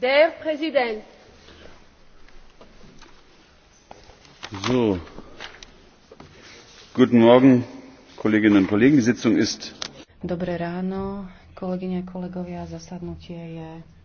Der Präsident. Guten Morgen, Kolleginnen und Kollegen. Dobré ráno, kolegyne, kolegovia, zasadnutie je